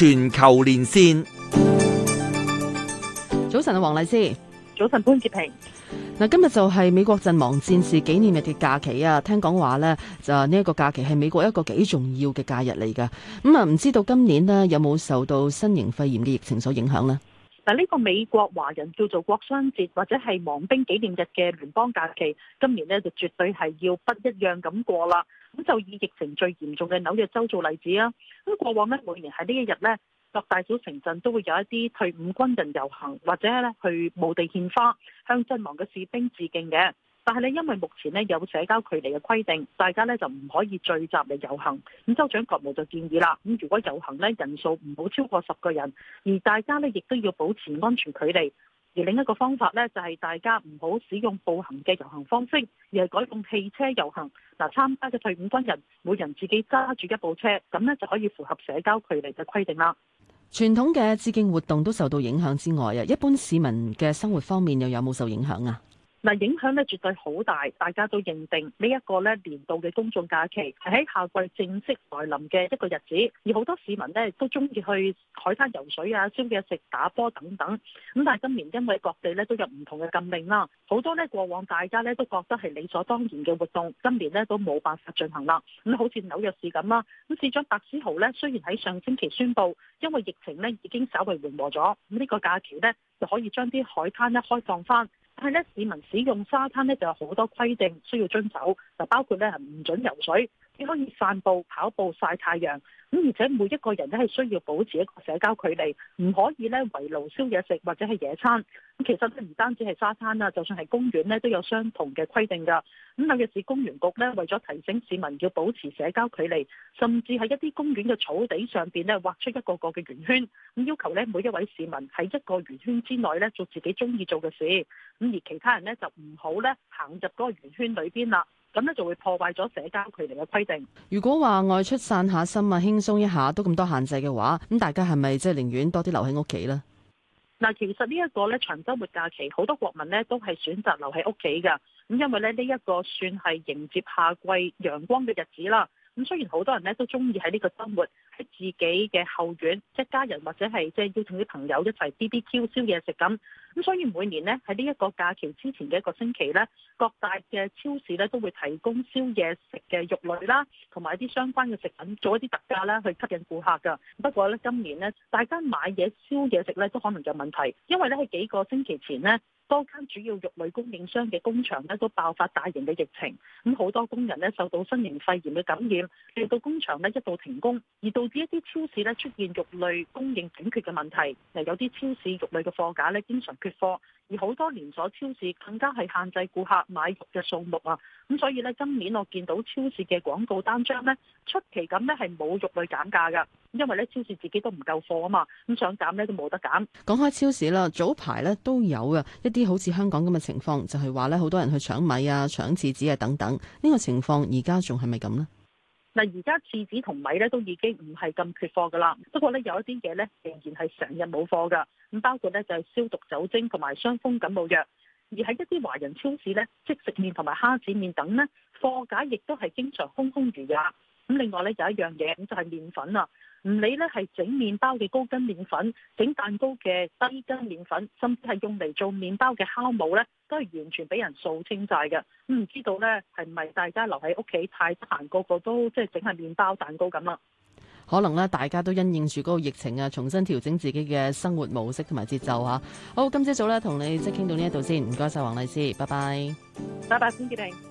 全球連線，早晨啊，黃麗施，早晨潘潔平。嗱，今日就係美國陣亡戰士紀念日嘅假期啊。聽講話咧，就呢一個假期係美國一個幾重要嘅假日嚟噶。咁啊，唔知道今年咧有冇受到新型肺炎嘅疫情所影響咧？嗱，呢個美國華人叫做國殤節或者係亡兵紀念日嘅聯邦假期，今年呢，就絕對係要不一樣咁過啦。咁就以疫情最嚴重嘅紐約州做例子啦。咁過往呢，每年喺呢一日呢，各大小城鎮都會有一啲退伍軍人遊行，或者呢去墓地獻花，向陣亡嘅士兵致敬嘅。但係咧，因為目前咧有社交距離嘅規定，大家咧就唔可以聚集嚟遊行。咁州長葛謨就建議啦，咁如果遊行咧人數唔好超過十個人，而大家咧亦都要保持安全距離。而另一個方法咧就係大家唔好使用步行嘅遊行方式，而係改用汽車遊行。嗱，參加嘅退伍軍人每人自己揸住一部車，咁咧就可以符合社交距離嘅規定啦。傳統嘅致敬活動都受到影響之外啊，一般市民嘅生活方面又有冇受影響啊？嗱，影響咧絕對好大，大家都認定呢一個咧年度嘅公眾假期係喺夏季正式來臨嘅一個日子，而好多市民咧都中意去海灘游水啊、燒嘢食、打波等等。咁但係今年因為各地咧都有唔同嘅禁令啦，好多咧過往大家咧都覺得係理所當然嘅活動，今年咧都冇辦法進行啦。咁好似紐約市咁啦，咁市長白思豪咧雖然喺上星期宣布，因為疫情咧已經稍為緩和咗，咁、這、呢個假期咧就可以將啲海灘咧開放翻。但係咧，市民使用沙灘咧就有好多規定需要遵守，就包括咧係唔準游水。你可以散步、跑步、曬太陽，咁而且每一個人都係需要保持一個社交距離，唔可以咧圍爐宵夜食或者係野餐。咁其實咧唔單止係沙灘啦，就算係公園咧都有相同嘅規定噶。咁紐約市公園局咧，為咗提醒市民要保持社交距離，甚至喺一啲公園嘅草地上邊咧劃出一個個嘅圓圈，咁要求咧每一位市民喺一個圓圈之內咧做自己中意做嘅事，咁而其他人咧就唔好咧行入嗰個圓圈裏邊啦。咁咧就會破壞咗社交距離嘅規定。如果話外出散下心啊、輕鬆一下都咁多限制嘅話，咁大家係咪即係寧願多啲留喺屋企呢？嗱，其實呢一個咧長週末假期，好多國民呢都係選擇留喺屋企噶。咁因為咧呢一個算係迎接夏季陽光嘅日子啦。咁雖然好多人呢都中意喺呢個生活。自己嘅後院，一家人或者係即係要同啲朋友一齊 BBQ 燒嘢食咁。咁所以每年呢喺呢一個假期之前嘅一個星期呢，各大嘅超市呢都會提供燒嘢食嘅肉類啦，同埋一啲相關嘅食品，做一啲特價啦去吸引顧客㗎。不過呢今年呢，大家買嘢燒嘢食呢都可能有問題，因為呢喺幾個星期前呢，多間主要肉類供應商嘅工場呢都爆發大型嘅疫情，咁好多工人呢受到新型肺炎嘅感染，令到工場呢一度停工，而到呢一啲超市咧出現肉類供應短缺嘅問題，誒有啲超市肉類嘅貨架咧經常缺貨，而好多連鎖超市更加係限制顧客買肉嘅數目啊！咁所以咧今年我見到超市嘅廣告單張咧出奇咁咧係冇肉類減價噶，因為咧超市自己都唔夠貨啊嘛，咁想減咧都冇得減。講開超市啦，早排咧都有啊，一啲好似香港咁嘅情況，就係話咧好多人去搶米啊、搶廁紙啊等等，呢、呢個情況而家仲係咪咁呢？嗱，而家廁紙同米咧都已經唔係咁缺貨㗎啦，不過咧有一啲嘢咧仍然係成日冇貨㗎，咁包括咧就係消毒酒精同埋傷風感冒藥，而喺一啲華人超市咧，即食麵同埋蝦子麵等咧貨架亦都係經常空空如也。咁另外咧有一樣嘢，咁就係、是、麵粉啊，唔理咧係整麵包嘅高筋麵粉，整蛋糕嘅低筋麵粉，甚至係用嚟做麵包嘅酵母咧，都係完全俾人掃清晒嘅，唔知道咧係咪大家留喺屋企太得閒，個個都即係整下麵包蛋糕咁啊？可能咧大家都因應住嗰個疫情啊，重新調整自己嘅生活模式同埋節奏嚇。好，今朝早咧同你即係傾到呢一度先，唔該晒，黃麗詩，拜拜。唔該曬，主持